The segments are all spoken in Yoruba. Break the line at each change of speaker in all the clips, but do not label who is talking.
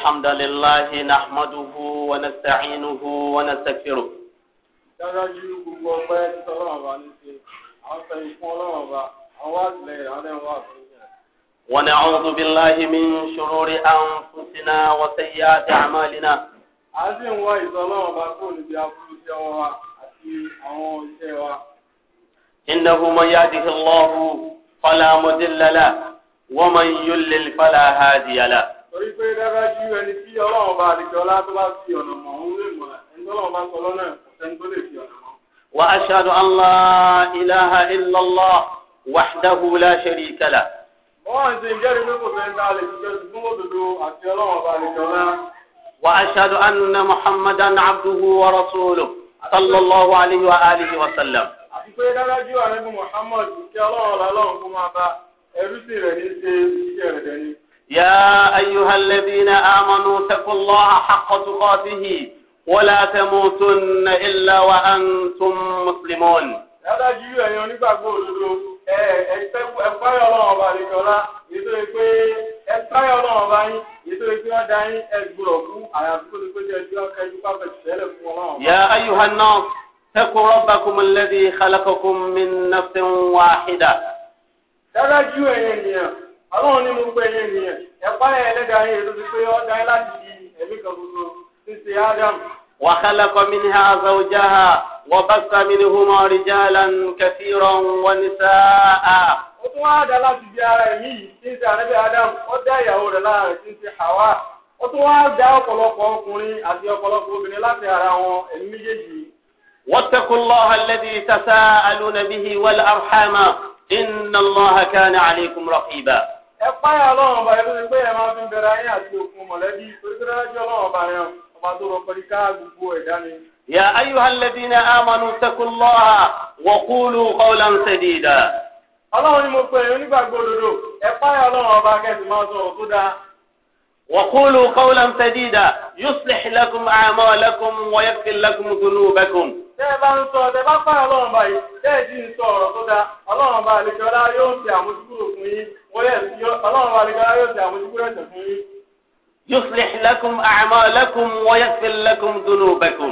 الحمد لله نحمده ونستعينه ونستغفره
dájú gbogbo ọpẹ́ títọ́ ọlọ́run bá ní ṣe àwọn fẹ́ ikú ọlọ́run bá àwọn wá sílẹ̀ ìrànlẹ́ wà fún yẹn. ونعوذ بالله
من شرور أنفسنا وسيئات أعمالنا.
a sì ń wá ìtọ́ ọlọ́run bá kúrò níbi aburú iṣẹ́ wa àti àwọn iṣẹ́ wa.
إنه من يهده الله فلا مضل له ومن يضلل فلا هادي له
pé dábàájú ẹni tí ọlọ́run bá àdìjọ látọ́ bá fi ọ̀nà mọ̀ òun lè mọ̀ ẹni tọ́lọ́run bá sọ lọ́nà ẹ̀kọ́sẹ́ni tó lè fi ọ̀nà mọ̀. wa ashhadu an la ilaha
illallah wahdahu la sharika lah.
wọ́n ti ń jẹ́rìí pé kò fẹ́ ń dá lè fi jẹ́ àti ọlọ́run bá àdìjọ náà. wa ashhadu anna muhammadan
abduhu wa rasuluhu sallallahu alayhi wa alihi wa sallam.
àti pé dábàájú àrẹ́gùn muhammad kí ọlọ́run يا أيها الذين آمنوا اتقوا الله
حق تقاته ولا تموتن إلا وأنتم مسلمون
dájú ẹ̀yin onígbàgbọ́ òdodo ẹ ẹ̀fáyọ̀ ọlọ́run ọba àlejòọ́lá nítorí pé ẹ̀fáyọ̀ ọlọ́run ọba yín nítorí pé wọ́n da yín ẹ̀gbọ́rọ̀ fún àyàfi kó ti pé jẹ́ ẹjọ́ kẹjú pápẹ́ tẹ́lẹ̀ fún ọlọ́run. يا أيها الناس
اتقوا ربكم الذي خلقكم من نفس واحدة.
dájú ẹ̀yin ènìyàn ọlọ́run nínú gbogbo ẹ̀yẹ ènìyàn ẹ̀pá ẹ̀ ẹlẹ́dàá yẹn ló ti pé ọ́ dá ẹ láti di ẹ̀mí kan gbogbo ṣíṣe Ádámù. wa khalaqa minha zawjaha
wa bassa minhuma rijalan kathiran
wa nisaa. ó tún wá dá láti di ara ẹ̀mí yìí ṣíṣe ànábì Ádámù ó dá ìyàwó rẹ̀ láàrin ṣíṣe Háwà ó tún wá dá ọ̀pọ̀lọpọ̀ ọkùnrin àti ọ̀pọ̀lọpọ̀ obìnrin láti ara wọn ẹ̀mí méjèèjì.
واتقوا الله
ẹ̀páyà ọlọ́run ọba ẹ̀rọ ni pé ẹ máa fi ń bẹ̀rẹ̀ ayé àti òkun mọ̀lẹ́bí torí pé dájọ́ ọlọ́run ọba yẹn ọba tó rọpò ní ká gbogbo ẹ̀dá ni.
يا أيها الذين آمنوا اتقوا الله وقولوا قولا سديدا
ọlọ́run ni mo pè é nígbàgbọ́ òdodo ẹ̀páyà ọlọ́run ọba kẹ́sì máa sọ òkú
وقولوا قولا سديدا يصلح لكم أعمالكم ويغفر لكم ذنوبكم tẹ́ يصلح لكم أعمالكم ويغفر لكم ذنوبكم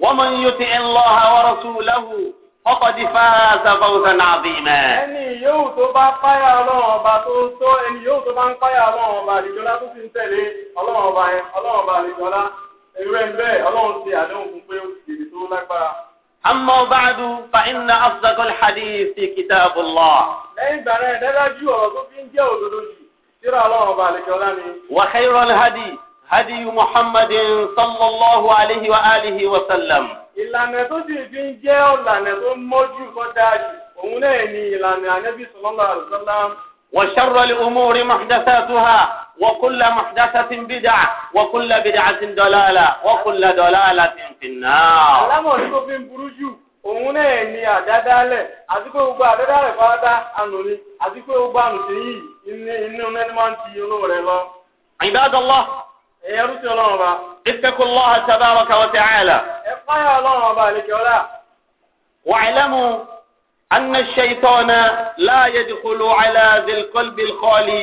ومن يطع الله ورسوله فقد فاز فوزا عظيما
ẹ̀rọ ẹ̀ bẹ́ẹ̀ ọlọ́run ti àdéhùn fún pé ó ti dèbè tó lágbára.
أما بعد فإن أصدق الحديث كتاب الله وخير الهدي هدي محمد صلى الله عليه وآله وسلم
ìlànà tó sì fi ń jẹ́ ọ̀lànà tó mọ́jú kó dájú òun náà ni ìlànà ànábì sallallahu alaihi wasallam. وشر
الأمور محدثاتها وكل محدثة بدعة وكل بدعة ضلالة وكل ضلالة في النار. alámọ̀ tí
kò fi ń burú jù òun náà ni àdádálẹ̀ àti pé gbogbo àdádálẹ̀ fáadá ànú ni àti pé gbogbo ànú sí yìí inú mẹ́ni máa ń ti inú rẹ̀ lọ. عباد الله. ẹ̀yẹ rúṣin ọlọ́run ọba. اتقوا الله تبارك وتعالى. ẹ
fáyà ọlọ́run ọba àlejò ọlá. واعلموا أن الشيطان لا يدخل على ذي القلب الخالي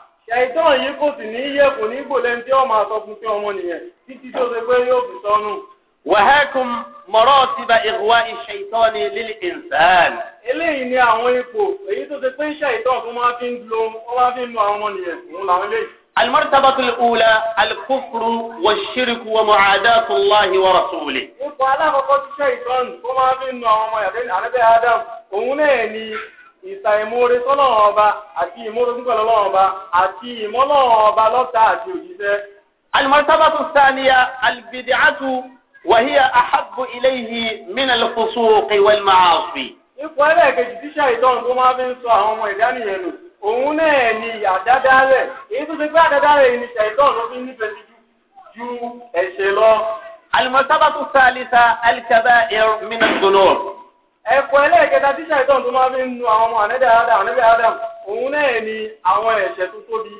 ṣàìtàn yìí kò sì ní yẹ kò ní gbò lẹ́nu tí ó máa sọ fún tí ọmọ nìyẹn títí tó ṣe pé yóò fi sọnù. wàhákùn
mọ̀rọ́ ti ba ìhùwà ìṣàìtàn ní lílì ìǹsán.
eléyìí ni àwọn ipò èyí tó ṣe pé ṣàìtàn tó máa fi ń lo ó máa fi ń lo àwọn ọmọ nìyẹn òun làwọn eléyìí.
المرتبة الأولى الكفر والشرك ومعاداة الله
ورسوله. إيه ìsàìmóore sọ́lọ́wọ́n ọba àti ìmóore fún pẹ̀lọ́wọ́n ọba àti ìmọ́lọ́wọ́n ọba lọ́ta àti òjíṣẹ́. alimọ́sábàtú sáníya albidiatu wàhíyà
ahabu iléyìí mínàlì kóso kéwàl máàfì.
ipò ẹlẹ́ẹ̀kejì tíṣà ìtọ́n tó máa fi ń sọ àwọn ọmọ ìdá nìyẹn nù òun náà ni àdáda rẹ̀ èyí tó ti gbé àdáda rẹ̀ ni ṣàìtọ́n ló fi nífẹ̀ẹ́ ju ẹ̀ṣẹ̀ lọ. alimọ́sábàtú sáàlísà alikaba ẹ̀rọ mínàlì ẹ̀kọ́ ẹlẹ́ẹ̀kẹta tí ṣàìtàn tó máa fi adam ànẹ́bẹ̀ adam òun náà ni àwọn ẹ̀ṣẹ̀ tó tóbi.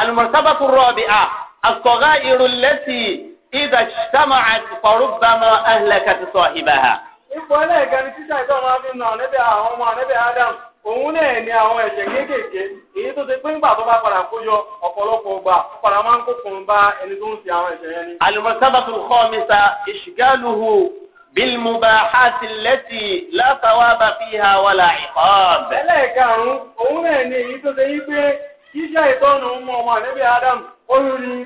àlùmọ̀sábàkú rọ̀bì à àkọ́gá ìrùlẹ́tì ìdà sámà àtìkọ̀rù bàmà ẹ̀lẹ́kàtì sọ ìbàhà.
ipò ẹlẹ́ẹ̀kẹrin tí ṣàìtàn máa fi nu ànẹ́bẹ̀ àwọn ọmọ adam òun náà ni àwọn ẹ̀ṣẹ̀ kéékèèké èyí tó ti pín
bilmubahati lẹ́tì látàwábà fi ha wàlà ìkọ́ọ̀b. ẹlẹ́ẹ̀karùn-ún
òun náà ni èyí tó ṣe yí pé iṣẹ́ ìtọ́nù mọ ọmọ ànábì Adam oyún ni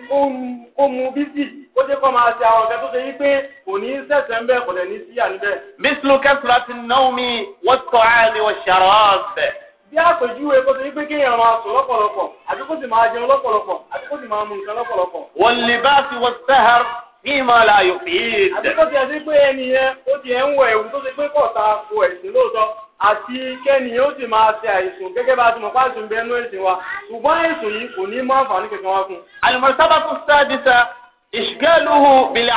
ó mu bísí ó jẹ́ kó máa ṣe àwọn ọ̀gá tó ṣe yí pé kò ní í sẹ̀sẹ̀ ń bẹ̀ kò dẹ̀ ní í síyà níbẹ̀. bíslu kẹsìlátì náwmi wọ́n tọ́ àmì wọ́n ṣàrọ́ọ̀bẹ̀. bí àpèjúwe kó ṣe yí pé kéèyàn máa sùn lọ́pọ̀lọpọ̀ àbí kó sì máa jẹun lọ́pọ̀lọpọ̀ àbí kó sì máa mu nǹkan lọ́pọ̀lọpọ̀.
ìmọ̀lá yóò fi yìí dẹ̀. E. àbíkọ́
ti ẹ̀ sí pé ẹnìyẹn ó ti ẹ̀ ń wọ ẹ̀wù tó ti pé kọ̀ọ̀ta kò ẹ̀sìn lóòótọ́ àti ó ti máa ṣe àìsùn gẹ́gẹ́ bá a ti mọ̀ àìsùn bẹ́ẹ̀ ẹ̀sìn wa ṣùgbọ́n àìsùn yìí kò ní àǹfààní kankan wá fún. àlùmọ̀ sáàdìsá ìṣgẹ́lùhù bìlẹ̀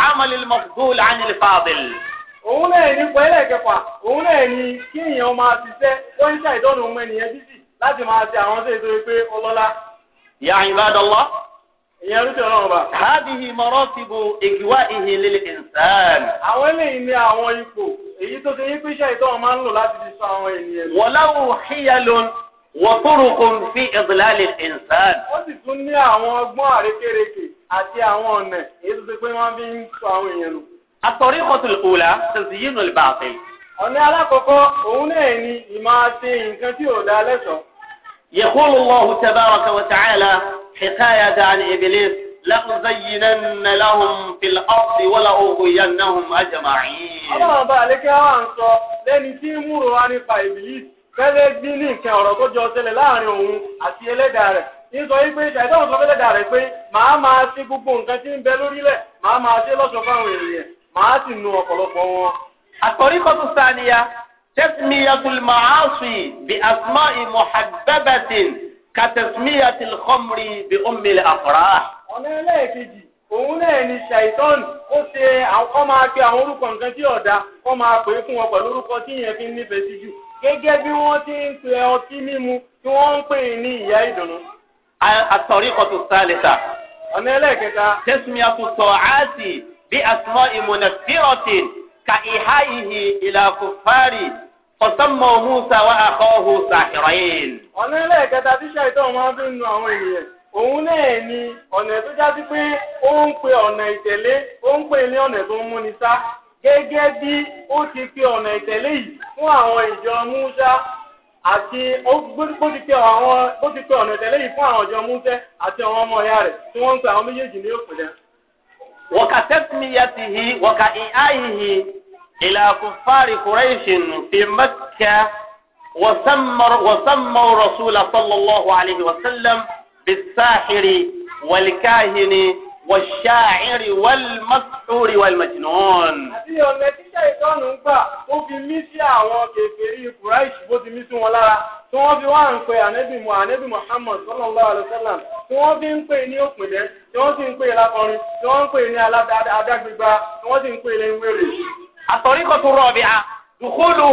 ìyẹn ló dọ̀rọ̀ ọba. hadihi maratibu igwa'ihi lil insan. àwọn eléyìí ní àwọn ipò èyí tó ṣe yípe iṣẹ́ ìtọ́ máa ń lò láti fi sọ àwọn ènìyàn. walahu hiyalun wa turuqun fi
idlali al insan.
ó sì tún ní àwọn ọgbọ́n àrékérekè àti àwọn ọ̀nà èyí tó ṣe pé wọ́n fi ń sọ àwọn èèyàn nù. at-tariqatul ula
tazyinul batil.
ọ̀nà alákọ̀ọ́kọ́ òun náà ni ìmáa ṣe nǹkan tí ò dá lẹ́sọ̀ọ́.
yaqulu Allahu tabaraka wa ta'ala. حكاية عن إبليس لأزينن لهم في الأرض ولأغوينهم أجمعين الله
بالك يا أنصى لأن تيمور عن إبليس fẹ́lẹ́ gbí ní nǹkan ọ̀rọ̀ tó jọ ṣẹlẹ̀ láàrin òun àti ẹlẹ́dàá rẹ̀ nítorí yìí pé ṣàìdáhùn sọ fẹ́lẹ́dàá rẹ̀ pé màá máa ṣe gbogbo nǹkan tí ń bẹ lórílẹ̀ màá máa ṣe fáwọn èèyàn màá sì nu ọ̀pọ̀lọpọ̀ wọn. tẹ́sí mi yàtúlùmọ̀ àásùn
bí asmọ́ ìmọ̀ kàtẹ́símíyà ti lọ́mùrí bí ó mele
àkọ́rá. ọ̀nà ẹlẹ́ẹ̀kejì òun náà ni ṣàìtọ́nù ó ṣe àwọn máa pe àwọn orúkọ nǹkan tí ọ̀dà kọ́ máa pè é fún wọn pẹ̀lú orúkọ tí yẹn fi ń nífẹ̀ẹ́ sí jù gẹ́gẹ́ bí wọ́n ti ń pe ọtí mímu tí wọ́n ń pè ní ìyá ìdùnnú.
àtọ̀rí kan tó sá lè
ọ̀nà ẹlẹ́ẹ̀kẹta. tẹ́sùmíyà tó áàtì
bí àsùnmọ́ ìmọ̀nà fírọ̀tì ka ìhá ìhì ìlà kò fárì ọ̀sánmọ̀ musa wa akọ́hu sàkìrọ̀yìn.
ọ̀nà ẹlẹ́ẹ̀kẹta tí ṣàìtọ́ na fi ń nu àwọn ènìyàn òun náà ni ọ̀nà tó jáde pé ó ń pe ọ̀nà ìtẹ̀lé ó ń pè ní ọ̀nà tó ń múni sá gẹ́gẹ́ bí ó ti pe ọ̀nà ìtẹ̀lé yìí fún àwọn ìjọ àti bó ti pe ọ̀nà ìtẹ̀lé yìí fún àwọn ìjọ musa àti àwọn ọmọ ìyá rẹ̀ tí wọ́n
ń إلى كفار قريش في مكة وسموا وسموا رسول صلى الله عليه وسلم بالساحر والكاهن والشاعر والمسحور والمجنون.
àti ọ̀nà tí ṣàìtọ́nù ń gbà ó fi mí sí àwọn kèfèrí Quraish bó ti mí sí wọn lára tí wọ́n fi wá ń pe ànẹ́bì mu ànẹ́bì Muhammad sallallahu alayhi wa sallam tí wọ́n fi ń pè ní òpìdẹ́ tí wọ́n sì ń pè lákọrin tí wọ́n ń pè ní aládágbègbà tí wọ́n sì ń pè ní wèrè àtọ̀ríkọ̀ tó
دخوله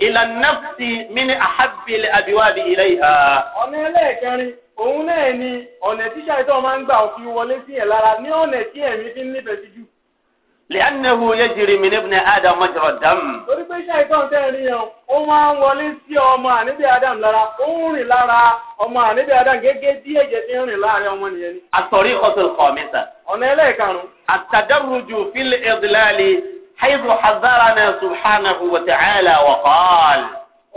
bí النفس من ìlànàfsì mí ni àhábìlì àbíwábi ilé ìhà.
ọ̀nà ẹlẹ́ẹ̀kẹrin òun náà ni ọ̀nà tíṣà ìtọ́ máa ń gbà òfin wọlé sí ẹ̀ lára ní ọ̀nà tí ẹ̀mí fi ń nífẹ̀ẹ́ sí jù.
لأنه يجري من ابن آدم مجرى الدم.
torí pé ṣàìtàn tẹ́ ẹ níyàn ó máa ń wọlé sí ọmọ àníbí Adam lára ó ń rìn lára ọmọ àníbí Adam gẹ́gẹ́ bí ẹ̀jẹ̀ ti ń rìn láàrin ọmọ nìyẹn ni. الطريقة الخامسة.
ọ̀nà ẹlẹ́ẹ̀karùn-ún. التدرج في الإضلال حيث
حذرنا سبحانه وتعالى وقال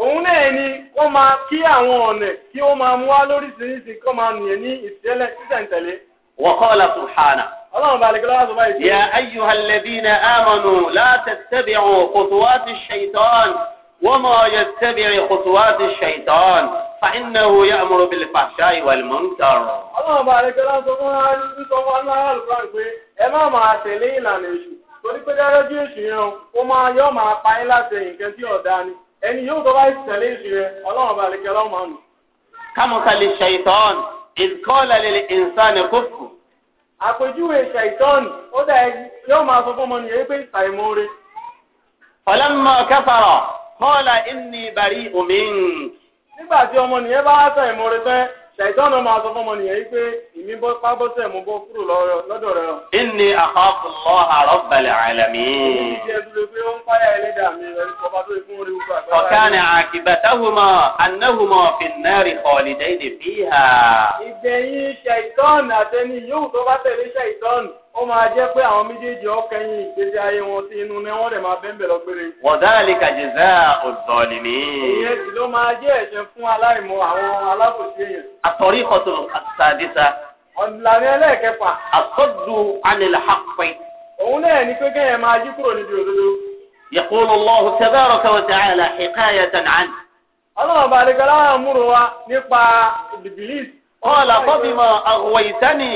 òun náà ni ó máa kí àwọn ọ̀nà tí ó máa mú wá lóríṣiríṣi kó máa nìyẹn ní ìtẹ́lẹ̀ sísẹ̀ntẹ̀lé. وقال سبحانه. ọlọ́run balẹ̀ kílọ́wọ́ sọ báyìí. يا أيها
الذين آمنوا لا تتبعوا خطوات الشيطان وما يتبع خطوات الشيطان فإنه يأمر بالفحشاء والمنكر.
ọlọ́run balẹ̀ kílọ́wọ́ sọ fún wa ń sọ fún wa náà lọ́rùn torí pé dáadájú èsì yẹn o ó máa yọ máa pa yín láti nǹkan tí ọ̀dà ni ẹni yóò tó bá tẹ̀lé èsì rẹ ọlọ́run bá lè kẹ́ lọ́wọ́ máa nù.
kámọ́kálí ṣàìtọ́n ìkọ́lá lè ìnsán
kófù. àpèjúwe ṣàìtọ́n ó dà yóò máa sọ fún ọmọ nìyẹn pé ìtàìmọ́re.
ọ̀lẹ́mọ̀ kẹfàrọ̀ kọ́lá ìní ìbàrí òmìn.
nígbà tí ọmọ nìyẹn bá tàìmọ́re tán ṣàìsàn náà máa sọ fọmọ nìyẹn yìí pé ìmí bọ́ pábọ́sẹ̀ mo bọ́ kúrò lọ́dọ̀ rẹ.
inni akhafu Allah rabbal alamin. wa kana akibatahuma annahuma fin nari khalidayni fiha.
ìgbẹ̀yìn ṣàìsàn àtẹni yóò tó bá tẹ̀lé ṣàìsàn ó máa jẹ́ pé àwọn méjèèjì ọkẹyìn ìgbésí ayé wọn sí inú ni wọ́n dẹ̀ máa bẹ́ẹ̀ bẹ̀rẹ̀ gbére. wadhalika jazaa'u zalimin. ìyẹn sì ló máa jẹ́ ẹ̀ṣẹ̀ fún aláìmọ àwọn alákòóso èèyàn. at-tariqatu as-sadisa. ọ̀nìlànà ẹlẹ́ẹ̀kẹfà. as-saddu 'anil haqqi. òun náà ní pé kẹ́yìn máa yí kúrò níbi òdodo.
yaqulu Allahu tabaraka wa ta'ala hikayatan 'an.
ọlọ́run bàdìgbà láwọn múrò wa nípa Iblis. qala fabima aghwaytani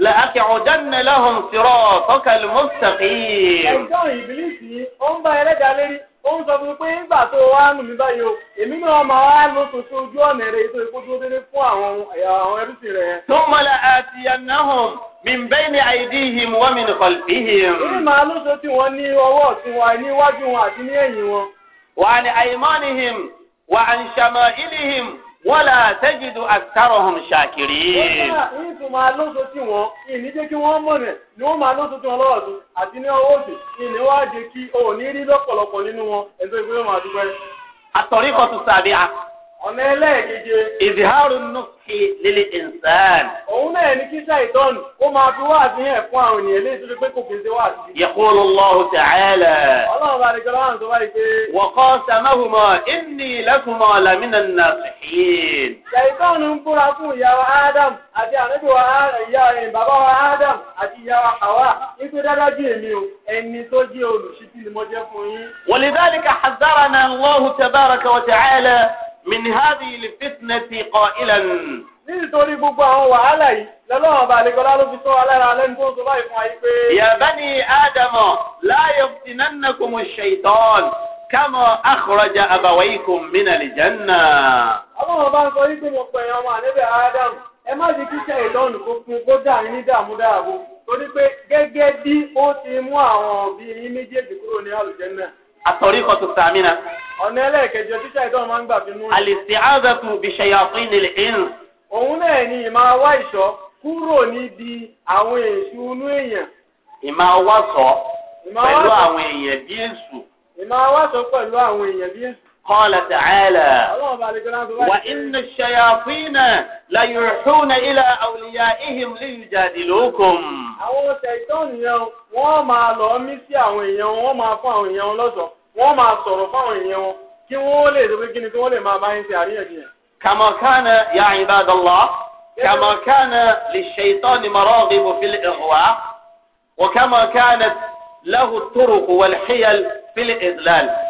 لأقعدن لهم صراطك المستقيم.
ẹjọ́ ìbílísì ó ń bá ẹlẹ́dàá lérí ó ń sọ fún mi pé nígbà tó wá nù mí báyìí o èmi náà máa wá lọ sọ̀tún ojú ọ̀nà rẹ̀ ètò ìkójú délé fún àwọn àwọn ẹrúsìn rẹ̀. ثم
لآتينهم من بين أيديهم ومن خلفهم. ní
màá ló sọ tí wọ́n ní ọwọ́ ọ̀tún níwájú wọn àti ní ẹ̀yìn wọn. وعن أيمانهم وعن
شمائلهم. wọ́lá tẹ́jìdù àkàrọ̀hùn ṣàkìrì. wọ́n
ní ìtumọ̀ alóso tí wọ́n ìní jẹ́ kí wọ́n mọ̀ rẹ̀ ni wọ́n máa lóso tí wọ́n lọ́wọ́ tó àti ní kí nínú wọn a ọ̀nà ẹlẹ́ẹ̀keje. ìdìhárù nùkì lílì ìnsán. òun náà ní kíṣà ìtọ́n ó máa fi wá sí ẹ̀ fún àwọn ènìyàn léṣe pé kò kì í ṣe wá sí. yẹ̀kúlù lọ́hùn tààlà. ọlọ́run bá ní kọ́lá àǹtọ́ báyìí pé. wọ́kọ́
sàmáhùmọ́ ìní lẹ́kùnmọ́ làmínà nàṣìhìn.
ṣàìtọ́nù ń búra fún ìyá wa Ádámù àti ànábì wa ìyá bàbá wa Ádámù àti ìyá wa Háwà nígbè dáadáa jù èmi o ẹni tó jẹ́ olùṣítí ni mo jẹ́ fún yín.
wòlíbálì min hadhihi al-fitnati qa'ilan.
nítorí gbogbo àwọn wàhálà yìí lọ́lọ́wọ́ bá lè kọ́lá ló fi sọ alára lẹ́nu tó ń sọ báyìí fún wa yìí pé. ya
bani ádámọ̀ la yaftinannakum ash-shaytan kama akhraja abawaykum min al-janna.
ọlọ́run bá ń sọ yìí pé mo pẹ̀yìn ọmọ àníbẹ̀ ádámù ẹ má ṣe kíkẹ́ ìdánù kó fún kó dà ní dààmú dààbò torí pé gẹ́gẹ́ bí ó ti mú àwọn òbí méjèèjì kúrò ní àlùjẹ́ náà àtọ̀ríkọ̀ tó sàmínà. ọ̀nà ẹlẹ́ẹ̀kẹjọ títà ìtọ́ máa ń gbà fi àlèsè
àbẹ̀kù bìṣẹ̀yàfín nílẹ̀ ẹ̀rùn.
òun náà ni ìmọ̀ wá ìṣọ́ kúrò níbi àwọn èṣù inú èèyàn. ìmọ̀ wá sọ pẹ̀lú àwọn èèyàn bí èṣù. ìmọ̀ wá sọ pẹ̀lú àwọn èèyàn bí èṣù. قال تعالى وإن
الشياطين ليرحون إلى
أوليائهم
ليجادلوكم كما كان يا عباد الله كما كان للشيطان مراغب في الإغواء وكما كانت له الطرق والحيل في الإذلال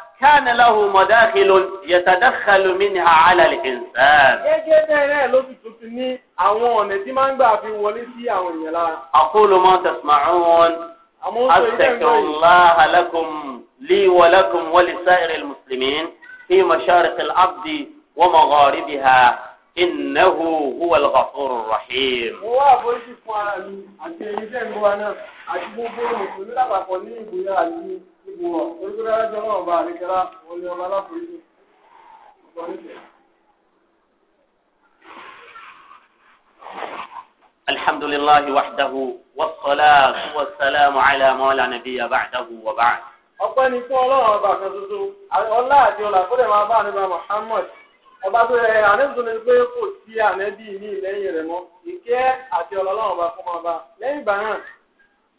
كان له مداخل يتدخل منها على الإنسان.
gẹ́gẹ́ bẹ́ẹ̀ ló fi tuntun ní àwọn ọ̀nà tí máa ń gbà fi wọlé sí àwọn èèyàn lára. أقول ما تسمعون أستغفر الله لكم
لي ولكم ولسائر المسلمين في مشارق الأرض ومغاربها إنه هو الغفور الرحيم.
wọ́n á bọ́ sí fún ara mi àti èyí tẹ̀ ń bọ́ wa náà àti gbogbo mùsùlùmí lápapọ̀ ní ìbúyà àti níbo wọ̀ orúkọ dára jọ náà ọba àríkẹ́lá wọlé ọba aláforíjì ọba nífẹ̀ẹ́.
الحمد لله وحده والصلاة والسلام على ما لا نبي بعده وبعد
ọpẹ́ ni fún ọlọ́run ọba kan tuntun ọlá àti ọlà kó lè máa bá àníbà muhammad ọba tó yẹ àníbùsùn ni pé kò sí ànẹ́bí ní lẹ́yìn rẹ̀ mọ́ ìkẹ́ àti ọlọ́run ọba kó máa bá lẹ́yìn ìgbà náà.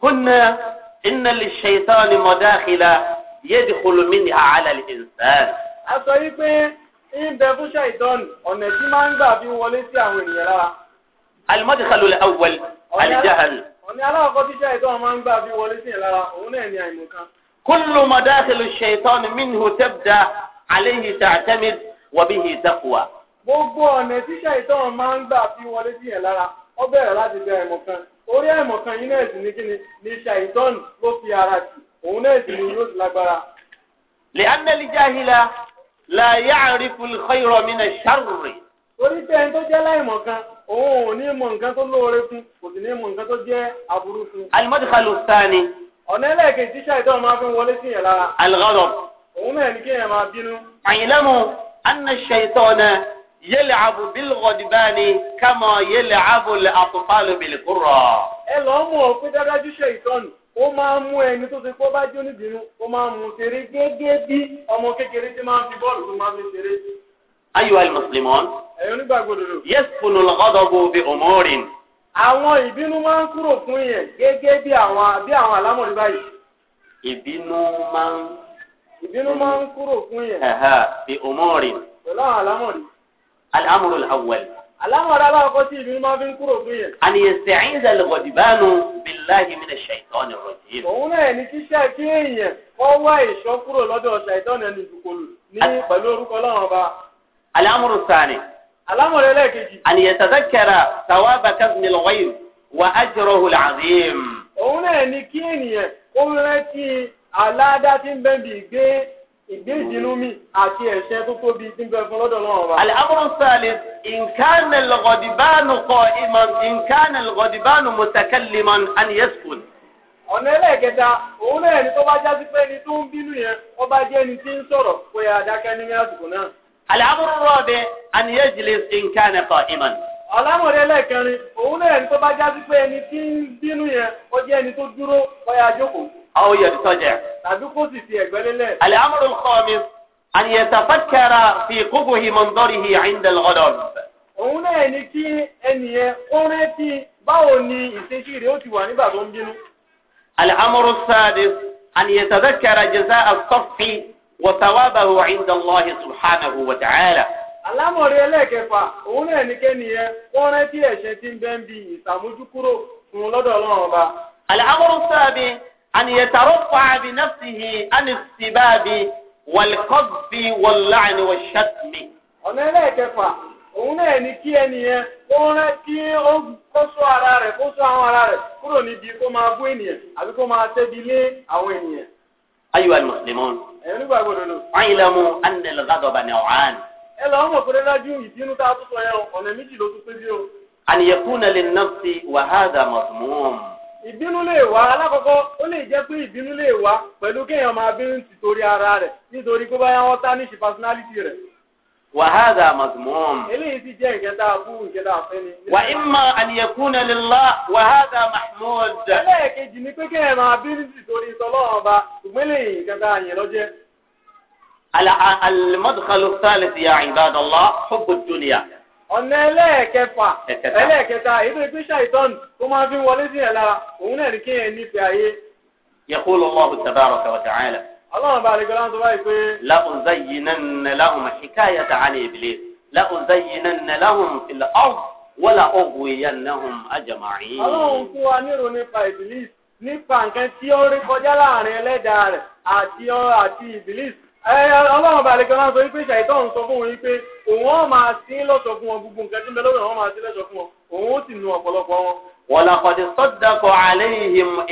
kúnnẹ́ inna lish-shaytani madakhilan yadkhulu minha 'ala al-insan.
a sọ yí pé ìbẹ̀ fún ṣàìtọ́nù ọ̀nà tí máa ń gbà fi wọlé sí àwọn ènìyàn lára. al-madkhalu al-awwal al-jahl. ọ̀nà aláwọ̀kọ́ tí ṣàìtọ́nù máa ń gbà fi wọlé sí ìlara òun náà ni àìmọ̀kan.
kullu madakhilu ash-shaytani minhu tabda 'alayhi ta'tamid wa bihi
taqwa. gbogbo ọ̀nà tí ṣàìtọ́nù máa ń gbà fi wọlé sí ìlara ó bẹ̀rẹ̀ láti bẹ̀rẹ̀ mọ̀kan orí ẹ̀mọ̀ kan yín náà sì ní kíni ní ṣàìtọ́nù ló fi ara sí òun náà sì ní yóò ti lágbára.
lè anẹ́lì jáhìlá la ya'rifu al-khayra min ash-sharri.
orí pé ẹni tó jẹ́ láìmọ̀ kan òun ò ní mọ̀ nǹkan tó lóore fún kò sì ní mọ̀ nǹkan tó jẹ́ aburú fún. al-madkhalu thani. ọ̀nà ẹlẹ́ẹ̀kejì tí ṣàìtọ́nù máa fi wọlé sí yẹn lára. al òun náà ní kéèyàn máa bínú. àyìnlẹ́mu
Yele abu bilgọdibani kama yele abu lẹ atọfalu bilikura.
ẹ lọ mọ òfin dájú ṣe ìtọ́nù ó máa ń mú ẹni tó ti kó bá jó níbínú ó máa ń mú ṣeré gẹ́gẹ́ bí ọmọ kékeré fi bọ́ọ̀lù tó máa ń dodo. àwọn ìbínú máa ń kúrò fún yẹn gẹ́gẹ́ bí àwọn bí àwọn àlámọ̀rí báyìí. ìbínú máa ń. ìbínú máa ń kúrò
alámúrò awọlì.
alámọ̀rẹ́ aláwọ̀kọ́ tí ìlú máa fi ń kúrò fún yẹn. àníyàn sẹ̀yìn ìdàlẹ̀ gọ̀dìbánu bíláhi
mi lè ṣàìtọ́ ni rọ̀jì. òun
náà ní kí ṣe kí èèyàn kọ́ wá ìṣọ́ kúrò lọ́dọ̀ ṣàìtọ́ ni ẹni ìdúkọlù ní pẹ̀lú orúkọ ọlọ́run ọba. alámúrò
sani. alámọ̀rẹ́ lẹ́ẹ̀kejì. àníyàn tàdákẹ́ra tàwábà kásìmìlì wáyé wà á jọrọ hùlẹ̀ àdéhìm.
òun náà ní kí ènìyàn kó rántí aládá tí ń bẹ́ẹ̀ bì gbé ìgbéjìnúmi àti ẹ̀ṣẹ̀ tó tóbi tí ń bẹ fún lọ́dọ̀ náà wà. alamuru
salis nkan lọgọdibanu kọ iman nkan lọgọdibanu mutakaliman aniyesukun.
ọ̀nà ẹlẹ́ẹ̀kẹta òun náà ni tó bá jásí pé ẹni tó ń bínú yẹn ó bá jẹ́ ẹni tí ń sọ̀rọ̀ kó yà nínú àsìkò náà. alamuru rọ̀bì
aniyejilis nkan kọ iman.
alamuru ẹlẹ́ẹ̀kẹrin òun náà ni tó bá jásí pé ẹni tí ń bínú yẹn ó jẹ́ ẹni tó dúró kó yà أو يرتجع الأمر
الخامس أن يتفكر في قبه منظره عند الغضب
òun náà ni kí ẹnìyẹn ó rántí báwo ni ìṣesí ó ti wà nígbà tó ń bínú.
الأمر السادس أن يتذكر جزاء الصف وثوابه عند الله سبحانه وتعالى.
alámọ̀rí ẹlẹ́ẹ̀kẹfà òun náà ni kẹ́nìyẹn ó rántí ẹ̀ṣẹ̀ tí ń bẹ ń ìsàmójúkúrò fún lọ́dọ̀ ọlọ́run ọba. الأمر السابع
أن يترفع بنفسه عن السباب والقذف واللعن والشتم
ọ̀nà ẹlẹ́ẹ̀kẹfà òun náà ní kí ẹnìyẹn ó rán kí ó kọ́sọ́ ara rẹ̀ kọ́sọ́ àwọn ara rẹ̀ kúrò níbi kó máa bú ènìyàn àbí kó máa tẹ́bi lé àwọn ènìyàn.
أيها المسلمون
ẹ̀yin nígbà gbọdọ̀ lò. اعلموا
أن الغضب نوعان.
ẹ lọ mọ̀ pé dájú ìbínú tá a tún sọ yẹn ọ̀nà méjì ló tún pé bí o. أن يكون
للنفس وهذا مذموم
ìbínú lè wá alákọ̀ọ́kọ́ ó lè jẹ́ pé ìbínú lè wá pẹ̀lú kéèyàn máa bínú nítorí ara rẹ̀ nítorí pé báyà wọ́n tánìṣì personality rẹ̀.
wàhálà mazmum.
eléyìí ti jẹ́ ìkẹta àbú ìkẹta àfẹ́ wà á ma
àníyẹ̀kúnà lillah wàhálà mahmud.
ẹlẹ́ẹ̀kejì ni pé kéèyàn máa bínú nítorí tọ́lọ́run ọba ìkẹta àyẹ̀ lọ́jẹ́. al ọ̀nà ẹlẹ́ẹ̀kẹfà ẹlẹ́ẹ̀kẹta èyí tó gbé tó máa fi wọlé sí ẹ̀ òun náà ní kí ẹ ayé. يقول الله
تبارك وتعالى لأزينن لهم حكاية عن إبليس لأزينن لهم في الأرض ولا أغوينهم أجمعين ọlọ́run
fún wa nírò nípa ọlọ́run balẹ̀ kan láti sọ wípé ṣàìtọ́ ń sọ fún wọn wípé òun ó máa sí lọ́sọ̀ fún wọn gbogbo nǹkan tí ń bẹ lọ́wọ́ wọn máa sí lọ́sọ̀ fún wọn òun ó sì nu ọ̀pọ̀lọpọ̀ wọn. ولقد
صدق عليهم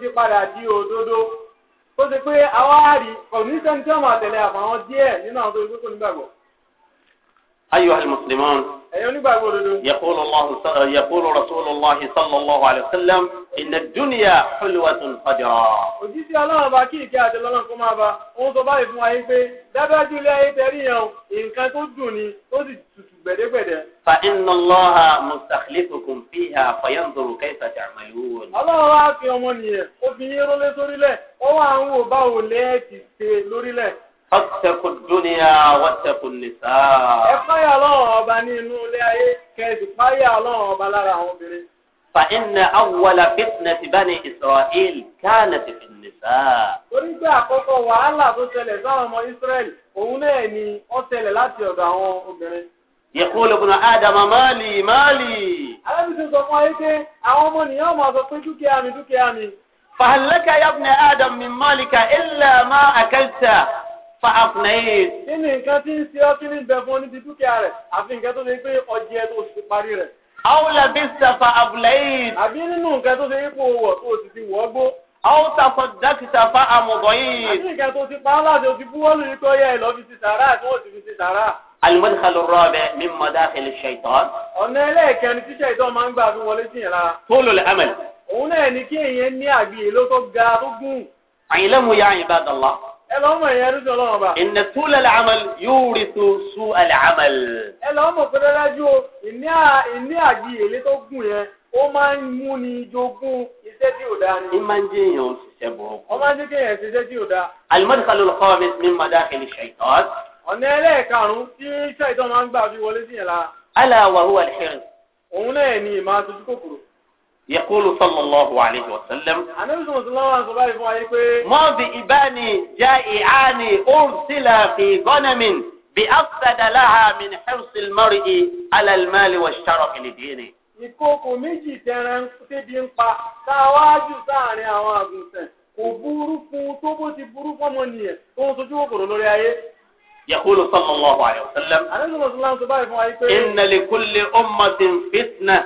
ti padà di òdodo ó ti pé àwa àrí kọ̀míṣẹ́ntì ọmọ àtẹ̀lẹ́ àfàwọn díẹ̀ nínú àwọn tó ń gbé
أيها المسلمون
يقول
الله يقول رسول الله صلى الله عليه وسلم إن الدنيا حلوة قدرا
òjíṣẹ́ Ọlọ́run bá kí ìkẹ́ àti Ọlọ́run kó máa bá òun sọ báyìí fún ayé pé dábàájú ilé ayé tẹrí yẹn nǹkan tó dùn ni ó sì tutù gbẹ̀dẹ́gbẹ̀dẹ́.
فإن الله مستخلفكم فيها فينظر كيف تعملون. Ọlọ́run wá
fi ọmọ nìyẹn ó fi yín rólé sórílẹ̀ ó wà ń wò báwo lẹ́ẹ̀tì ṣe lórílẹ̀
ọ̀tẹ̀kù dúnìá wọ́tẹ̀kù nìsá. ẹ
fáyà ọlọ́run ọba ní inú ilé ayé kẹ́ẹ̀sì fáyà ọlọ́run ọba lára àwọn obìnrin.
فإن أول فتنة بني إسرائيل كانت في النساء.
torí pé àkọ́kọ́ wàhálà tó ṣẹlẹ̀ sáwọn ọmọ Ísírẹ́lì òun náà ni ó ṣẹlẹ̀ láti ọ̀dọ̀ àwọn obìnrin.
يقول ابن آدم مالي مالي.
alábìsí sọ fún ayé pé àwọn ọmọ nìyẹn فهل لك يا ابن آدم من
مالك إلا ما أكلت fàáfùnẹ́yìn.
nínú nǹkan tí ń ṣe ọ́ kí ní bẹ fún ọ níbi dúkìá rẹ̀ àfi nǹkan tó ṣe pé ọjẹ́ tó ti parí rẹ̀. àwọn làbí sàfà àbùlẹ́yìn. àbí nínú nǹkan tó ṣe ipò wọ̀ tó ti ti wọ́ gbó. àwọn tàfọ̀ dákítà fa àmùgọ́yìn. àbí nǹkan tó ti pa á láti ojú búwọ́lù yìí kọ́ yẹ ìlọ́fi ti sàrà àti wọ́n ti fi ti sàrà. المدخل
الرابع من مداخل الشيطان
ọ̀nà ẹlẹ́ẹ̀kẹrin tí ṣẹ̀tọ́ máa ń gbà fi wọlé sí yẹn lára. tóòlù lẹ́mẹ̀lì. òun náà ní kí èèyàn ní àgbìyẹ ẹ lọ mọ ìyẹn lójú Ọlọ́run bá. ìnà
túlẹ̀ làmàl yóò rí tó sú àlàmàl.
ẹ lọ mọ pé dájú o ìní àgbìyèlé tó gùn yẹn ó máa ń mú ni jogún iṣẹ́ tí ò dáa ni. ó máa ń jẹ́ èèyàn ṣiṣẹ́ burúkú. ó máa ń jẹ́ kéèyàn ṣiṣẹ́ tí ò dáa. alimọ́dúkàlù lọ́kọ́ mi
ní madákin ṣàìtọ́.
ọ̀nà ẹlẹ́ẹ̀karùn-ún tí ṣàìtọ́ máa ń gbà fi wọlé sí yẹn lára. aláwọ̀ wà ní
يقول صلى الله عليه وسلم ماضئبان جائعان أرسلا في غنم بأفسد لها من حرص المرء على المال والشرف لدينه
ìkókò méjì tẹran tẹbi ń pa káwájú sáàrin àwọn àgùntàn kò burú fún tó bó ti burú fọmọ nìyẹn tó ń sojú kòkòrò lórí ayé. يقول صلى الله عليه وسلم إن لكل
أمة فتنة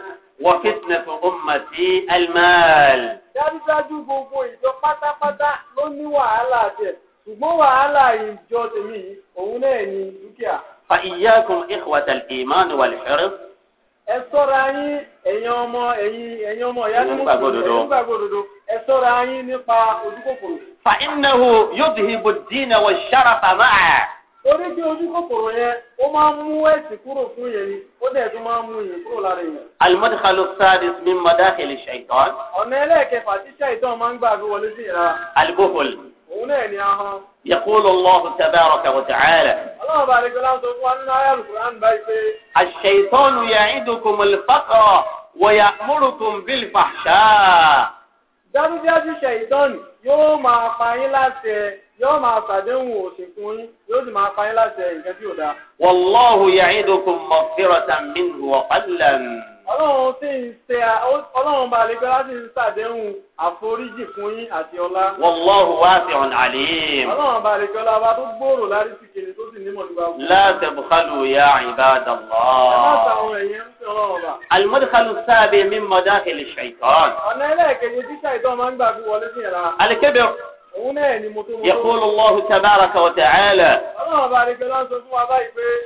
wọ́n fitna fún ummati almal.
dájúdájú gbogbo ìjọ pátápátá ló ní wàhálà jẹ ṣùgbọ́n wàhálà ìjọ tèmi òun náà ní dúkìá.
fa iyyakum ikhwatal iman wal hirs.
ẹ ṣọ́ra yín ẹ̀yin ọmọ ẹ̀yin ẹ̀yin ọmọ ìyá ní mùsùlùmí ẹ ṣọ́ra yín nípa ojúkòkòrò.
fa innahu yudhibu
torí pé ojú kòkòrò yẹn ó máa ń mú ẹ̀sìn kúrò fún yẹn ni ó dẹ̀ tún máa ń mú yẹn kúrò lára yẹn. alimọ́dékalu
sadis mi mọ̀dá kẹlẹ̀ ṣàìtàn.
ọ̀nà ẹlẹ́ẹ̀kẹfà tí ṣàìtàn máa ń gbà fi wọlé sí ìra. alikohol. òun náà ni ahọ́n.
يقول الله تبارك وتعالى الشيطان يعدكم الفقر ويأمركم بالفحشاء
yóò máa ṣàdéhùn òsìnkún yín yóò sì máa fa yín láti ìgbẹ́ tí ò dáa. wàlláhu ya'idukum
maghfiratan minhu wa fadlan.
ọlọ́run sì ń ṣe ọlọ́run bá lè gbé láti ń àforíjì fún yín àti ọlá. wàlláhu wasi'un alim. ọlọ́run bá lè gbé ọlá wa tó gbòòrò láti ti kiri tó sì nímọ̀ nígbà wò. la tabkhalu ya
ibadallah. ẹ المدخل السابع من مداخل الشيطان.
الكبر يقول الله تبارك وتعالى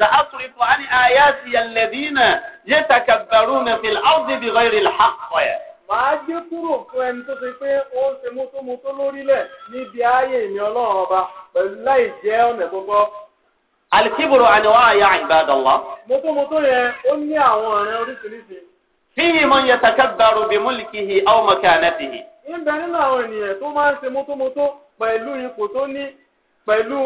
سأصرف عن آياتي الذين
يتكبرون في الأرض بغير الحق
máa gbé kúrò fún ẹni tó ṣe pé ó ń ṣe mútómútó lórílẹ̀ níbi ààyè ìní ọlọ́run ọba pẹ̀lú láì jẹ́ ọ̀nà gbogbo. alikiburu aniwa aya ibadallah. mútómútó yẹn ó ní àwọn ọ̀rẹ́ oríṣiríṣi.
fíyìn mọ̀ yẹn takabbaru bi mulkihi aw makanatihi
ń bẹ nínú àwọn ènìyàn tó máa ń ṣe mótómótó pẹ̀lú ipò tó ní pẹ̀lú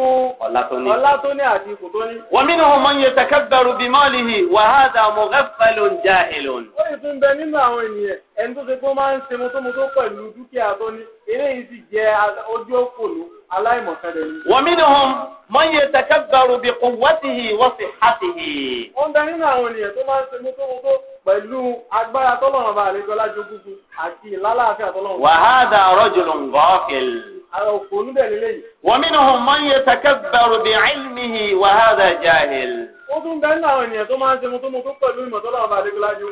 ọlá tó ní àti ipò tó ní. wa minhum
man yatakabbaru bi malihi wa hadha mughafalun jahilun.
ó sì tún bẹ nínú àwọn ènìyàn ẹni tó ṣe pé ó máa ń ṣe mọ́tòmọ́tò pẹ̀lú dúkìá tó ní eléyìí sì jẹ́ ojú òkòlù aláìmọ̀kẹ́lẹ̀ ni. wa minhum
man yatakabbaru ń bẹ nínú
àwọn ènìyàn tó máa ń ṣe pẹ̀lú agbára tọ́lọ́run àlejò lájogúgú àti ìlàlá àti àtọ́lọ́run. wa hadha rajulun ghafil ara òkò níbẹ̀ lélẹ́yìn. wọ́n minhum
man yatakabbaru
bi'ilmihi
wa hadha jahil.
ó tún bẹ́ẹ̀ ní àwọn ènìyàn tó máa ń ṣe mutúmu tó pẹ̀lú ìmọ̀ tọ́lá ọba adégbèlájú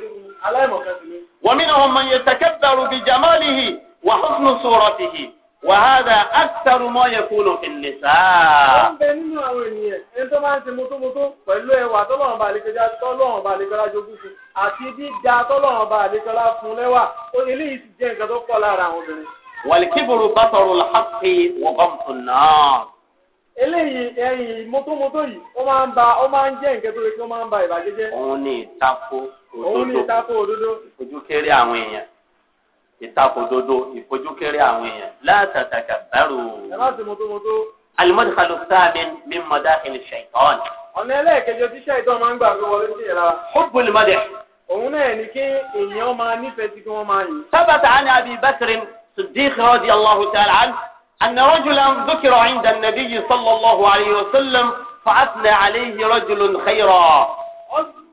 aláìmọ̀kan sí ni. wọ́n
minhum man yatakabbaru bi jamalihi wa husni suratihi wa ó
ń bẹ nínú àwọn ènìyàn ẹni tó máa ń ṣe mutúmutu pẹ̀lú ẹwà tọ́lọ́run ọba àdégbèlájú àti dídá tọ́lọ́run ọba àdégbèlá fún lẹ́wà eléyìí ti jẹ́ nǹkan tó pọ̀ lára àwọn obìnrin
wàlíkìbùrù bàtọ̀rù làhàkì wọ̀gọ́mùtò náà.
eléyìí ẹyin mọ́tòmọ́tò yìí ó máa ń ba ó máa ń jẹ́ nǹkan tó lè kí ó máa ń ba ìbàjẹ́ jẹ́. òun ni
ìtako òdodo òun ni
ìtako òdodo.
ìfojúkéré àwọn èèyàn ìtako òdodo ìfojúkéré àwọn èèyàn látàtàkà bẹ́rù. ẹ má ti mọ́tòmọ́tò. alimọ́dé kalu sáàmì mi mọ̀dá ilé ṣẹ̀tọ́n.
ọ̀nà ẹlẹ́ẹ̀kẹjọ tí ṣẹ̀tọ́n máa ń gbà wọlé sí ìyàrá. ó bol òun náà ní kí èèyàn máa nífẹ̀ẹ́
صديق رضي الله تعالى عنه أن رجلا ذكر عند النبي صلى الله عليه وسلم فأثنى عليه رجل خيرا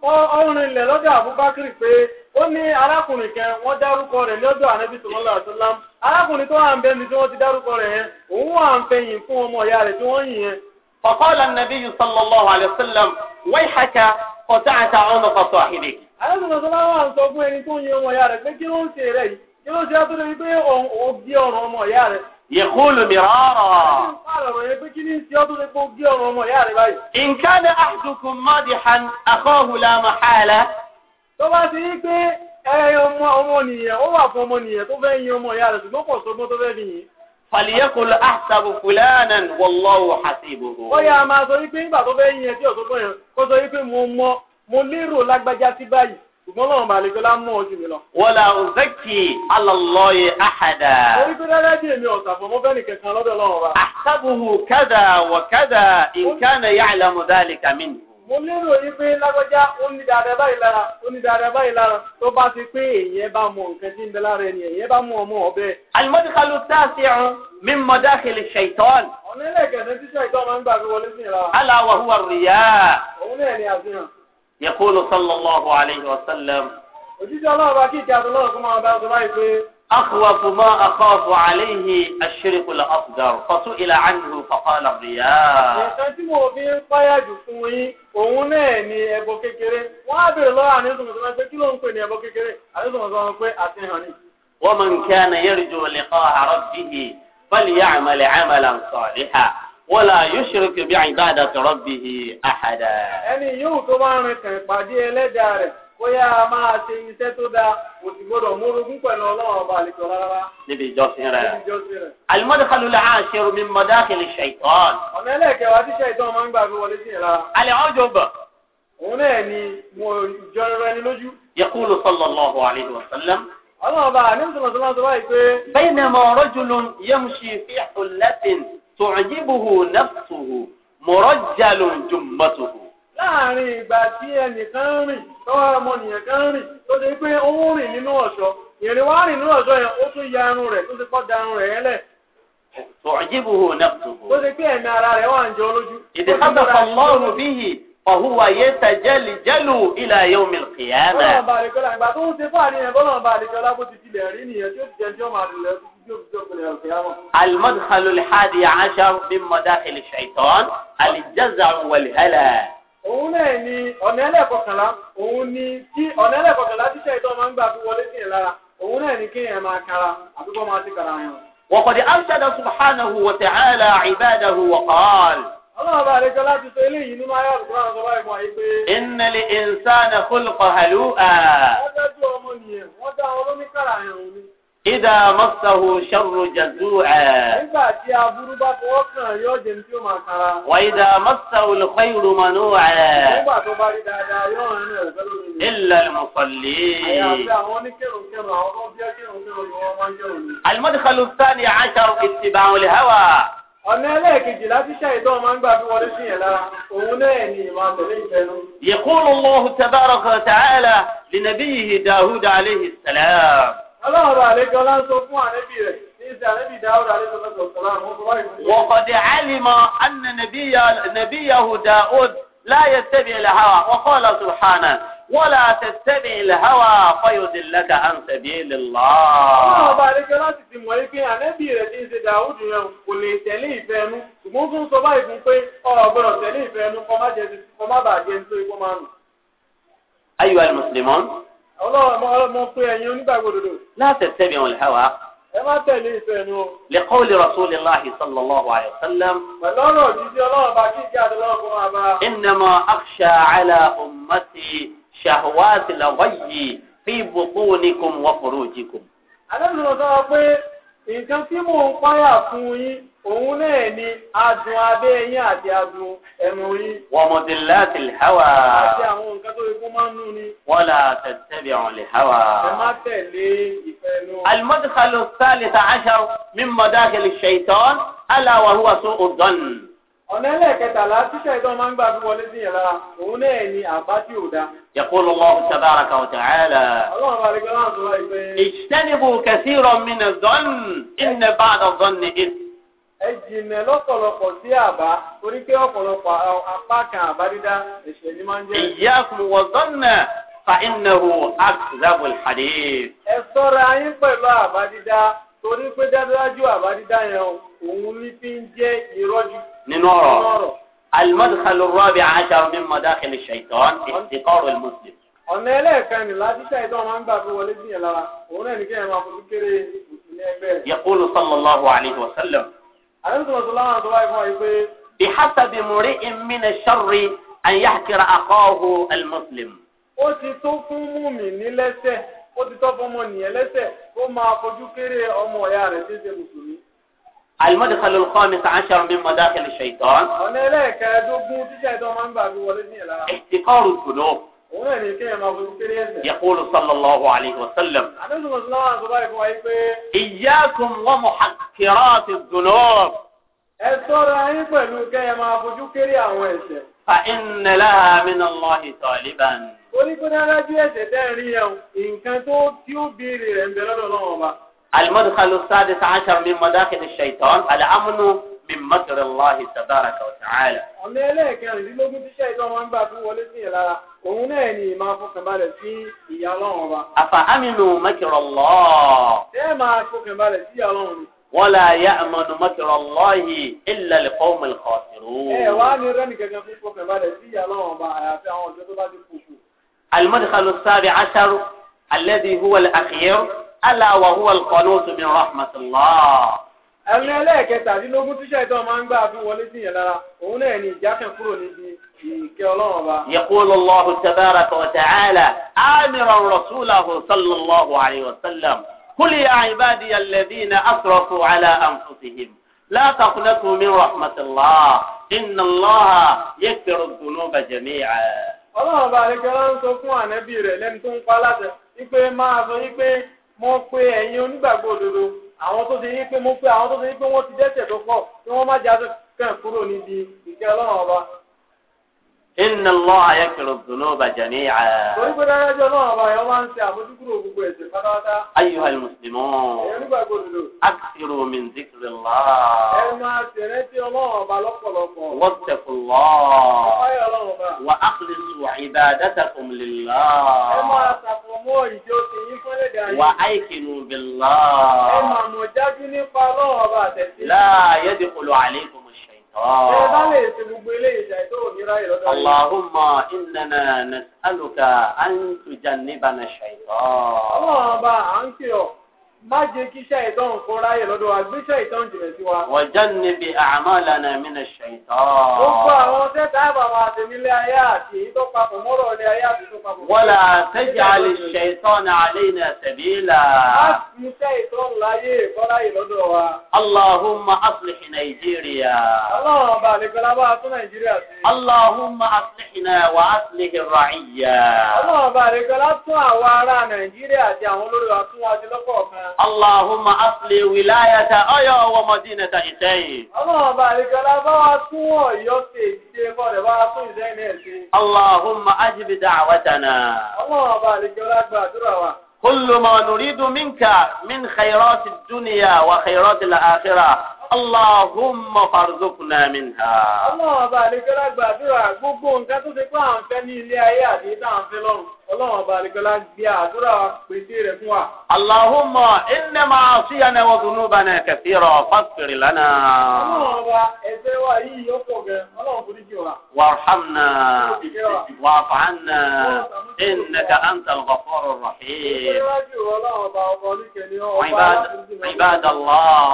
ọ̀run ilẹ̀ lọ́dọ̀ Abubakar pé ó ní arákùnrin kan wọ́n dárúkọ rẹ̀ lọ́dọ̀ Ànábì sallallahu alaihi wasallam arákùnrin tó wà ń bẹ́ni tí wọ́n ti dárúkọ rẹ̀ yẹn òun wà ń fẹ̀yìn fún ọmọ ìyá rẹ̀ tí wọ́n yìn yẹn.
فقال النبي صلى الله عليه وسلم ويحك قطعت عنق صاحبك.
arákùnrin tó wà ń sọ fún ẹni tó yin ọmọ ìyá rẹ̀ pé kí ló ń ṣe rẹ̀ yìí yóò ṣe àtúndì wípé òun gé ọ̀rọ̀ ọmọ ìyá rẹ̀. Yẹ̀kúlù mìíràn.
Nǹkan ni àdùkùn mọ́dìhàn àkọ́hùlà màhálà.
Tó bá ti rí pé ẹyẹ ọmọ ọmọnìyàn ó wà fún ọmọnìyàn tó fẹ́ yin ọmọ ìyá rẹ̀ ṣùgbọ́n pọ̀ sọ́gbọ́n tó fẹ́ fi yìn. فليقل احسب فلانا والله
حسيبه ó yá
máa sọ wípé nígbà tó fẹ́ yin ẹ tí ọ̀sọ́gbọ́n yẹn kó sọ wípé mo mọ mo lérò lágbájá sí báyìí ṣùgbọ́n lọ́wọ́ bàálẹ̀ gbọ́lá mú ojú mi lọ.
wọ́lá òzẹ́kì alọ́lọ́yẹ àhàdà. orí
tó dáadáa di èmi ọ̀sà fún mo fẹ́ nìkan kan lọ́dọ̀ lọ́wọ́ bá. àtàbùhù kádà wà kádà
ìkànnì yàrá mọ̀dálì kàmín.
mo lérò yí pé lágbájá ó ní dáadáa báyìí lára ó ní dáadáa báyìí lára tó bá ti pé èyàn bá mọ nǹkan tí ń bẹ lára ẹni èyàn bá mọ ọmọ ọbẹ.
alimọ́dúkàlù tàṣírun mi mọ̀dákìlì ṣèitọ́n.
ọ̀nà ilé ìkẹ̀sẹ̀ tíṣà máa ń gbà fi wọlé sí ìlà. aláwọ̀ hùwà rìyà. òun náà ni àfihàn.
يقول صلى الله عليه وسلم
أخوف ما أخاف
عليه الشرك الأصغر فسئل عنه فقال الرياء
ومن كان يرجو
لقاء ربه فليعمل عملا صالحا wala yushriku bi ibadati rabbih ahada.
ẹni yóò tó bá rìn kàn pàdé ẹlẹ́dàá rẹ̀ bóyá a máa ṣe iṣẹ́ tó dáa kò sì gbọ́dọ̀ múrogún pẹ̀lú ọlọ́run ọba àlejò rárá. níbi ìjọsìn rẹ̀.
al-madkhalu al-ashiru min madakhili shaytan.
ọ̀nà ẹlẹ́kẹ̀wá tí ṣàìtàn máa ń gbà fi wọlé sí ìlà. alẹ́ ọjọ́ bọ̀. òun náà ni mo jọ rẹ ni lójú.
yaqulu sallallahu alayhi wa sallam.
ọlọ́run ọba àníṣe lọ́sọ̀lọ́sọ báyìí pé.
baynama rajulun yamshi fi Tụọjibuhu nafsuhu murajjalun jummatuhu.
láàrin ìgbà tí ẹnìkan rìn tọ́wọ́ ọmọnìyàn kan rìn tó ṣe pé ó rìn nínú ọ̀ṣọ́ ìrìn wá rìn nínú ọ̀ṣọ́ yẹn ó tún ya irun rẹ̀ tó ṣe kọ́ da irun rẹ̀ yẹn lẹ̀. nafsuhu. tó ẹ̀mí ara rẹ̀ ń المدخل الحادي
عشر من مداخل الشيطان الجزع والهلا.
òun náà ni ọ̀nà ẹlẹ́kọ̀kànlá òun ni tí ọ̀nà ẹlẹ́kọ̀kànlá tí ṣètò máa ń gbà fi wọlé sí yẹn lára òun náà ni kéèyàn máa kara àbí kó máa ti kara yẹn. وقد
أرشد سبحانه وتعالى عباده وقال إن الإنسان خلق هلوءا
Ìdá mọ́sáhù
ṣarru jàdú ẹ̀.
Nígbà tí aburú bá fọwọ́ kàn yóò jẹun tí ó máa kara. Wà ìdá mọ́sáhù lùkọ́yìrù mọ̀nú ẹ̀. Nígbà tó bá rí dáadáa yóò rán ẹ̀ pẹ̀lú mi. Ilẹ̀ mọ̀kànlé. Àyàfi àwọn oníkẹ̀rùnkẹ̀rùn àwọn ọmọ bí ẹkẹ̀rùnkẹ̀rùn ni wọ́n máa ń jẹun ni.
Àlùmọ́dìkàlù sáni àṣàrò ìtìbàwọn lè háwà.
Ọ̀nà ẹlẹ́ẹ̀kejì láti ṣàìtọ́ máa ń
gbà
ọlọ́run àlejò lásán fún ànẹ́bí rẹ̀ ní ìsìn ànẹ́bí dáhùn àlejò lọ́sọ̀ sọ̀rọ̀ àwọn ọmọ wáyé. وقد علم
أن نبي نبيه داود لا يتبع الهوى وقال سبحانه ولا تتبع الهوى فيضلك عن سبيل الله. ọlọ́run ọba
àlejò láti ti mọ̀ ẹ́ pé ànẹ́bí rẹ̀ ní ìsìn dáhùn yẹn kò lè tẹ̀lé ìfẹ́ ẹnu ṣùgbọ́n tó ń sọ báyìí fún pé ọ̀rọ̀ gbọ́dọ̀ tẹ̀lé ìfẹ́ ẹnu kọ́ má bàjẹ́ nítorí kó má nù.
أيها المسلمون
ọlọ́run mọ mọ pé ẹ̀yin onígbàgbọ́dodo. láti tẹ̀lé wọn lẹ́wà. ẹ má tẹ̀lé ìfẹ́ ni o. lẹ́kọ́ lè
rasulillahi sallallahu alayhi wa sallam. pẹ̀lú ọ̀rọ̀
jíjí ọlọ́run bá kí ìjà àti ọlọ́run kó máa bá. innama
akhsha ala ummati shahwati lawayyi fi bukunikum wa furujikum.
alẹ́ mi sọ pé nǹkan tí mò ń páyà fún yín òun náà ni adùn abẹ́ yín àti adùn ẹnu yín. wọ́n mo ti láti lè háwà. àti àwọn nǹkan tó ikú máa ń nú ni. wọ́n là
tẹ̀síẹ̀bì àwọn lè háwà. ẹ má tẹ̀lé ìfẹ́ inú. alimọ́dúkàlù sáà lè ta àṣà mímọ́dá kẹlẹ̀ ṣèyítọ́ aláwọ̀ hùwà sún ọ̀dọ́nù
ọ̀nà ẹlẹ́ẹ̀kẹtàlá títẹ̀ tó máa ń gbà fi wọlé sí yẹn lára òun náà ni àbá tí ò dá. يقول الله تبارك
وتعالى اجتنبوا كثيرا من
الظن
إن بعض الظن إثم
ẹ jìnnà lọ́pọ̀lọpọ̀ sí àbá torí pé ọ̀pọ̀lọpọ̀ apá kan àbá dídá ẹ̀ṣẹ̀ ni máa ń jẹ́. iyyakum torí pé dájúdájú àbádídá yẹn òun ní fi ń jẹ́ ìrọ́jú. nínú ọ̀rọ̀ al-madkhal
ar-rabi' min madakhil ash-shaytan ihtiqar al-muslim.
ọ̀nà ẹlẹ́ẹ̀kan ni láti ṣàìtàn máa ń gbà fi wọlé sí yẹn òun náà ní kéèyàn máa fojú kéré mùsùlùmí ẹgbẹ́. yaqulu
sallallahu alayhi wa sallam.
àyẹ̀wò
an yahqira akhahu al
ó ti tó fún mùmí ní lẹ́sẹ̀ ó ti tọ́ fún ọmọnìyàn lẹ́sẹ̀ ó máa fojú kéré ọmọ ọ̀yá rẹ̀ tí ń ṣe mùsùlùmí. àlùmọ́dé kan lóko
ní kàn án ṣàrùn bí mọ́dá kẹlẹ̀ ṣe ìtọ́. ọ̀nà
ẹlẹ́ẹ̀kẹ́ẹ̀dógún tíṣà ìtọ́ máa ń gbà bí wọlé ní ìlara. ètè kọ́ọ̀rù dùnú. òun náà ní kéèyàn máa fojú kéré ẹsẹ̀. yaqulu
sallallahu alayhi wa sallam.
àdéhùn mùsùlùmí àti báyìí fún pé.
iyyakum
oníkódájú ẹ̀sẹ̀ tẹ́rin yẹn nǹkan tó tí ó béèrè rẹ̀ ń bẹ lọ́dọ̀ náà ọba. المدخل السادس
عشر من مداخل الشيطان الأمن من مكر الله تبارك وتعالى.
ọ̀nà ẹlẹ́ẹ̀kẹrin dídógún tí ṣẹ́yìtàn máa ń gbà tó wọlé sí ìlara òun náà ni ìmọ̀ afọkànbalẹ̀ sí ìyá ọlọ́run ọba. أفأمنوا مكر الله. ṣé ẹ máa fọkànbalẹ̀ sí ìyá ọlọ́run ni. ولا يأمن
مكر الله إلا القوم الخاسرون. ẹ wàá
ní rẹ́nì gẹ́gẹ́ fún fọkànbalẹ̀ sí ìyá ọlọ́run ọba àyàfi àwọn ọ̀dọ́ tó bá ti kú.
المدخل السابع عشر الذي هو الأخير ألا وهو القنوط من رحمة الله
ẹ̀rin ẹlẹ́ẹ̀kẹtàdínlógún tíṣà ìtọ́ máa ń gbà fún wọlé sí yẹn òun náà ni ìjákẹ́ kúrò níbi ìkẹ́ ọlọ́run ọba. يقول الله تبارك وتعالى
آمرا رسوله صلى الله عليه وسلم قل يا عبادي الذين أسرفوا على أنفسهم لا تقنطوا من رحمة الله إن الله يكفر الذنوب جميعا.
ọlọ́run bá rẹ̀ kẹ́lá ń sọ fún ànábì rẹ̀ lẹ́nu tó ń pa láṣẹ wípé máa sọ wípé mo pe ẹ̀yin onígbàgbọ́ òdodo àwọn tó ṣe wípé mo pe àwọn tó ṣe wípé wọ́n ti dẹ́ṣẹ̀ tó pọ̀ kí wọ́n má jáde kàn kúrò níbi ìkẹ́ ọlọ́run ọba
inna allah yakiru dunuba jami'a. torí
pé dára jọ náà ọba yẹn máa ń ṣe àmójúkúrò gbogbo ẹ̀ṣẹ̀ pátápátá. ayyuha almuslimun. ẹ̀rú gbàgbọ́ lòdò.
aksiru min zikrillah. ẹ
máa tẹ̀rẹ́ tí ọlọ́run ọba lọ́pọ̀lọpọ̀.
wattaqullah. ọ̀páyọ̀
ọlọ́run ọba. wa akhlisu
ibadatakum lillah. ẹ máa
ṣàfọ̀mọ́ ìjọ tìyín fẹ́lẹ̀ dàrí. wa
aikinu billah. ẹ máa
mọ̀ jáde nípa ọlọ́run ọba àtẹ̀sí. la
yadkhulu alaykum
اللهم
إننا نسألك أن تجنبنا الشيطان.
má jẹ́ kí ṣàìtàn kó ráyè lọ́dọ̀ wa gbé ṣàìtàn jìnà sí wa. wọ́n já
níbi àmàlànà mi nà ṣàìtàn. gbogbo àwọn
tẹ́tà àbàwọ̀ àtẹ̀mílẹ̀ ayé àti èyí tó papọ̀ mọ́rọ̀ ilé ayé àti tó papọ̀. wọ́lá tẹ́jà lè ṣàìtàn àlẹ́
iná sẹ̀bílà. má
fi ṣàìtàn láyé kó ráyè lọ́dọ̀ wa.
allahumma aslih nàìjíríà.
ọlọ́run ọba àlekọ́lá bá nàìjíríà sí. allahumma aslihna wa aslih
ra'iyya. ọlọ́run
ọba nàìjíríà
Allahumma asli wilayata Ọ̀yọ́ wa Madinata Ìṣẹ́yìn.
Ọlọ́run bá àlekọ́lá bá wa tún Ọ̀yọ́ ṣe ìṣe bọ́ọ̀dẹ̀ bá wa tún Ìṣẹ́yìn náà ṣe. Allahumma
ajibi da'watana.
Ọlọ́run bá àlekọ́lá gbàdúrà wa.
كل ما نريد منك من خيرات الدنيا وخيرات الآخرة اللهم فارزقنا منها
الله بارك لك بدر gbogbo nǹkan tó ṣe pé à ń fẹ́ ní ilé ayé àti tá à ń fẹ́ lọ́run ọlọ́run ọba àlekọ́lá gbé àdúrà pèsè rẹ̀ fún wa. Allahumma inna ma'asiyana wa dhunubana
kathira faghfir lana. ọlọ́run
ọba ẹ̀ṣẹ̀ wa yìí yóò pọ̀ gẹ̀ ọlọ́run kò ní jù wa. warhamna
wa'fu 'anna innaka antal ghafurur rahim.
ibadallah.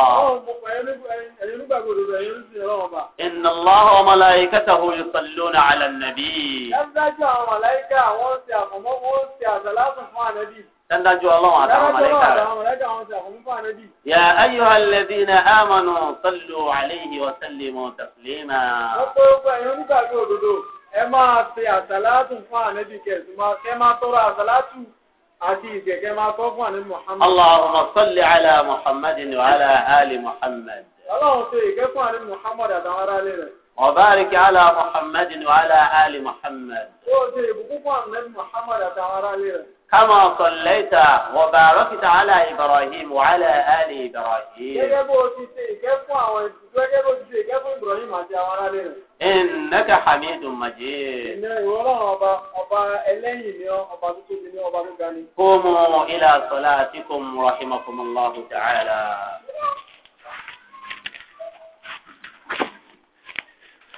inna Allaha wa malaikatahu
yusalluna 'alan nabi. ẹ
wọ́n wọ́n ṣe àgbàlásùn fún ànábì. Dáńdájú ọlọ́run àtàwọn mọ̀lẹ́kà. Yà ayọ̀ alẹ́dínà àmọ̀nù
sọ́lù àléhì ọ̀sẹ̀lẹ̀mọ̀ tẹ̀sílẹ́mà. Wọ́n pé
ó gbà yín onígbàgbé òdodo. Ẹ máa ṣe àṣàlátù fún ànábì kẹ̀sùn máa kẹ́ máa tọrọ àṣàlátù àti ìjẹ̀kẹ́ máa tọ́ fún ànábì Mùhàmmad. Allahumma salli ala
Muhammadin wa ala ali
Muhammad. Ọlọ́run ṣe ìkẹ́ fún ànábì Mùhàmmad àtàwọn aráalé rẹ̀. وبارك على محمد وعلى آل
محمد
كما صليت وباركت على إبراهيم وعلى آل
إبراهيم
إنك
حميد مجيد
قوموا
إلى صلاتكم رحمكم الله تعالى